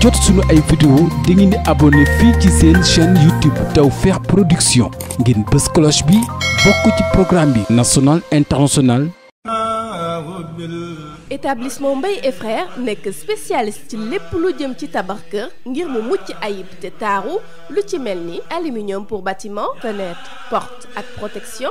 jot suñu ay vidéo da ngeen di abonné fii ci seen chaîne YouTube Tawfekh Production ngeen bës cloche bi bokk ci programme bi national international établissement Mbaye et frères nekk spécialiste ci lépp lu jëm ci tabax kër ngir mu mucc ayib te taaru lu ci mel ni aluminium pour bâtiment fenêtre porte ak protection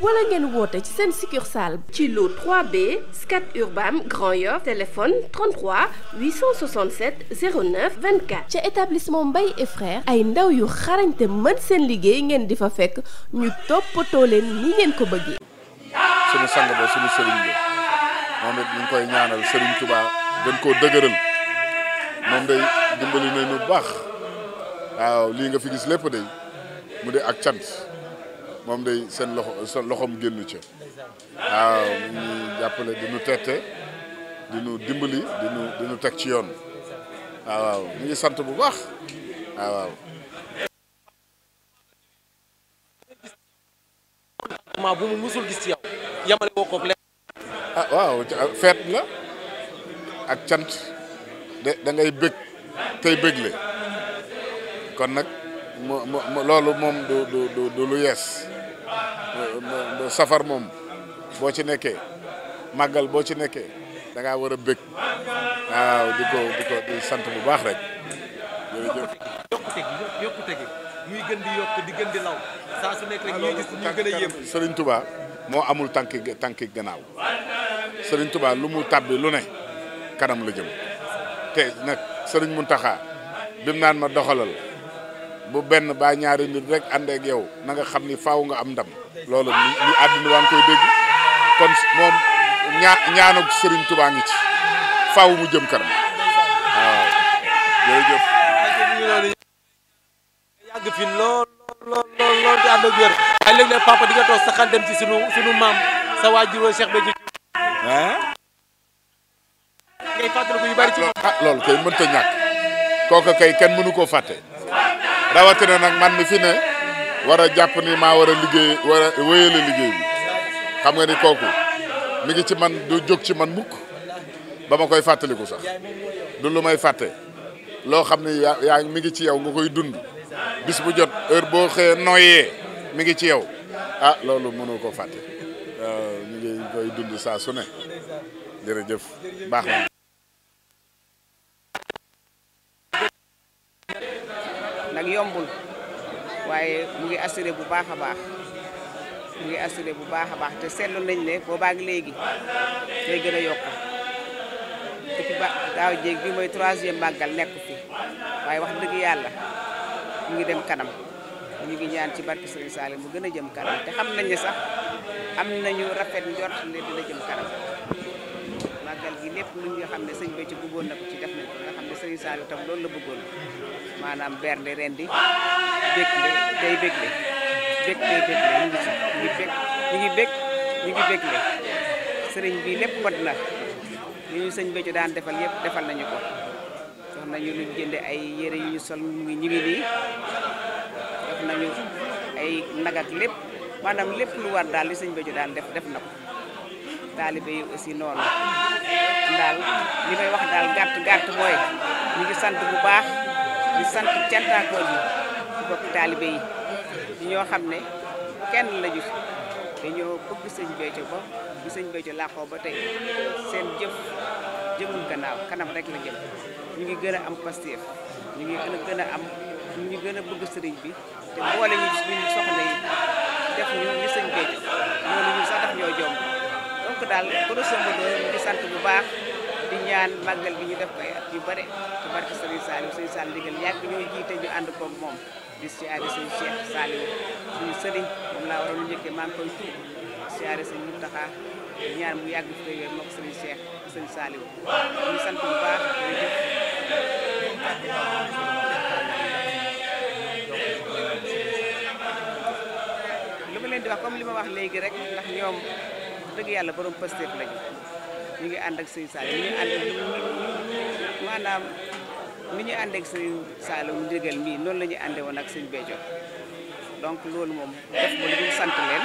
wala ngeen woote ci seen succursale ci lu 3B Scat Urbam Grand Yoff téléphone 33 867 09 24 ca établissement Mbaye et ay ndaw yu xarañte mën seen liggéey ngeen di fa fekk ñu toppatoo leen ni ngeen ko bëggee suñu sang ba suñu sëriñ bi moom it ñu ngi koy ñaanal sëriñ Tuubaa gën koo dëgëral moom day dimbali nañu bu baax waaw lii nga fi gis lépp day mu de ak cant moom day seen loxo seen loxoom génn ca waaw ñu jàppale di nu tette dimbali di teg ci yoon waaw ñu ngi sant bu baax waaw. ma bu mu musul gis ci yow ah, feet la ak cant de da bëgg tey bëggle kon nag mo mo loolu moom du du du lu yees. Euh, euh, safar moom boo ci nekkee màggal boo ci nekkee dangaa war a bëgg waaw di ko di ko di sant bu baax rek. jërëjëf yokkute moo amul tànki tànki gannaaw Serigne Touba lu mu tàbbi lu ne kanam la jëm te nag Serigne Mountakha bim naan ma doxalal. bu benn baa ñaari nit rek ànd ak yow nga xam ni faw nga am ndam loolu ñu àdduna waa ngi koy dégg kon moom ñaa ñaanag Serigne Touba ci faaw mu jëm kanam waaw jërëjëf. di ànd ak wér. waaye léeg-léeg papa di nga dem ci sunu sunu maam sa waajur wa Cheikh Béthio. Ah, loolu kay mënta ñàkk kooka kay kenn mënu koo fàtte. rawatina nag man mi fi ne war a jàpp ni ma war a liggéey war a wéyale liggéey bi xam nga ni kooku mi ngi ci man du jóg ci man mukk ba ma koy fàttaliku sax du lu may fàtte loo xam ne yaa yaa mi ngi ci yow nga koy dund bis bu jot heure boo xëyee noyyee mi ngi ci yow ah loolu mënoo ko fàtte ñu ngi koy dund saa su ne jërëjëf baax yombul waaye mu ngi assuré bu baax a baax mu ngi assuré bu baax a baax te seetlu nañ boo boobaag léegi day gën a yokk depuis ba daaw jéeg bi mooy troisième màggal nekk fi waaye wax dëgg yàlla mu ngi dem kanam ñu ngi ñaan ci barke Serigne Saliou mu gën a jëm kanam te xam nañ ne sax am nañu rafet njort ne dina jëm kanam màggal gi lépp lu nga xam ne sëñ ci bëggoon na ko ci def nañ nga xam ne Serigne Saliou tam loolu la bëggoon maanaam bernde ren di bég day bégle bég day bégle ñu ngi si ñu ngi bég ñu ngi bég ñu sëriñ bi lépp mat na ñu sëñ Béthio daan defal yëpp defal nañu ko jox ñu lu jënde ay yére yu ñu sol ñu ñu ngi nii jox nañu ay nag lépp maanaam lépp lu war daal li sëñ Béthio daan def def na ko taalibe yi aussi noonu daal li may wax daal gàtt gàtt mooy ñu ngi sant bu baax di sant cantaakoo yi bokk taalibe yi ñoo xam ne kenn lañu dañoo bëgg sëñ Béthio ba bu sëñ Béthio làqoo ba tey seen jëf jëmul gannaaw kanam rek la jëm ñu ngi gën a am pastéef ñu ngi gën a am ñu ngi gën a bëgg sëriñ bi te boole ñu suñu soxla yi def ñu ñu sëñ Béthio loolu ñu sax daf ñoo jomb donc daal grosso modo ñu ngi sant bu baax di ñaan màggal bi ñu def koy at yu bare barke Serigne Saliou Serigne Saliou ndigal yàgg ñoo jiite ñu ànd moom di siyaare suñu Cheikh Saliou suñu sëriñ moom laa waroon njëkkee maa ngi koy tuub siyaare suñu Mountakha ñaar mu yàgg fi wér moog sant bu baax ma leen di wax comme li ma wax léegi rek ndax ñoom dëgg yàlla borom Pastef lañu ñu ngi ànd ak Serigne Saliou ñu ngi ànd maanaam ni ñu àndeek sëñ Saalum Ndigal mii noonu la ñu àndee woon ak sëñ Béthio donc loolu moom def ko lu sant leen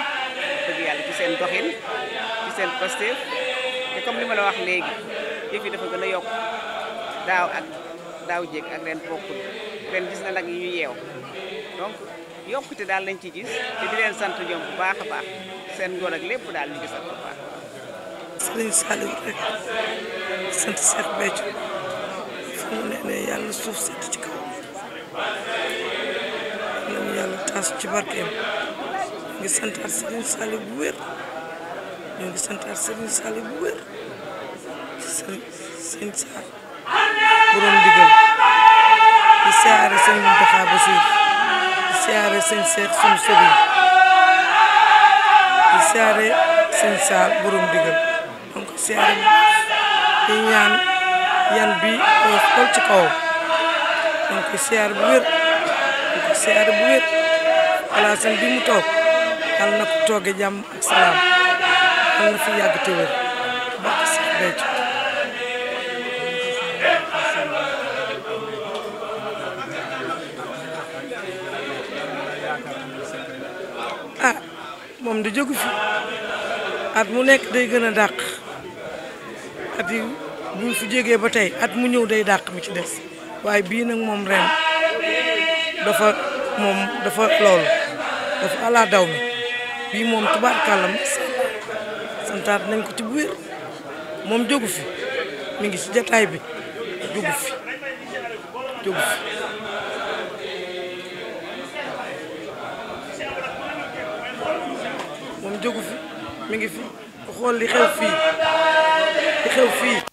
dëgg yàlla ci seen doxin ci seen pastéef te comme li ma la wax léegi yëf yi dafa gën a yokk daaw ak daaw jéeg ak ren bokkul gis na nag yeew donc yokkute daal lañ ci gis te di leen sant ñoom bu baax a baax seen ngoon ak lépp daal ñu ngi sant bu baax. sëñ Saalum rek sant Cheikh Béthio. mu ne ne yàlla suuf sedd ci kaw nañu yàlla taas ci barkeem ñu ngi santaat Serigne Saliou bu wér ñu ngi santaat Serigne Saliou bu wér sëñ sëñ Saar borom digal di siyaare sëñ Mountakha Bassirou di siyaare sëñ Cheikh sunu sëriñ di siyaare sëñ Saar borom digal donc siyaare di ñaan yan bi oos lool ci kaw dañ koy siyaar bu wér dañ koy siyaar bu wér palaasam bi mu toog yàlla na ko tooge jàmm ak salaam yàlla yàgg te wér barke ah, moom di jógu fi at mu nekk day gën a dàq at yi bu fi jógee ba tey at mu ñëw day dàq mi ci des waaye bii nag moom ren dafa moom dafa loolu dafa ala daw mi bii moom tubaarkàlla santaat nañ ko ci bu wér moom jógu fi mi ngi si jataay bi jógu fi jógu fi moom mi ngi fi xool li xew fii li xew fii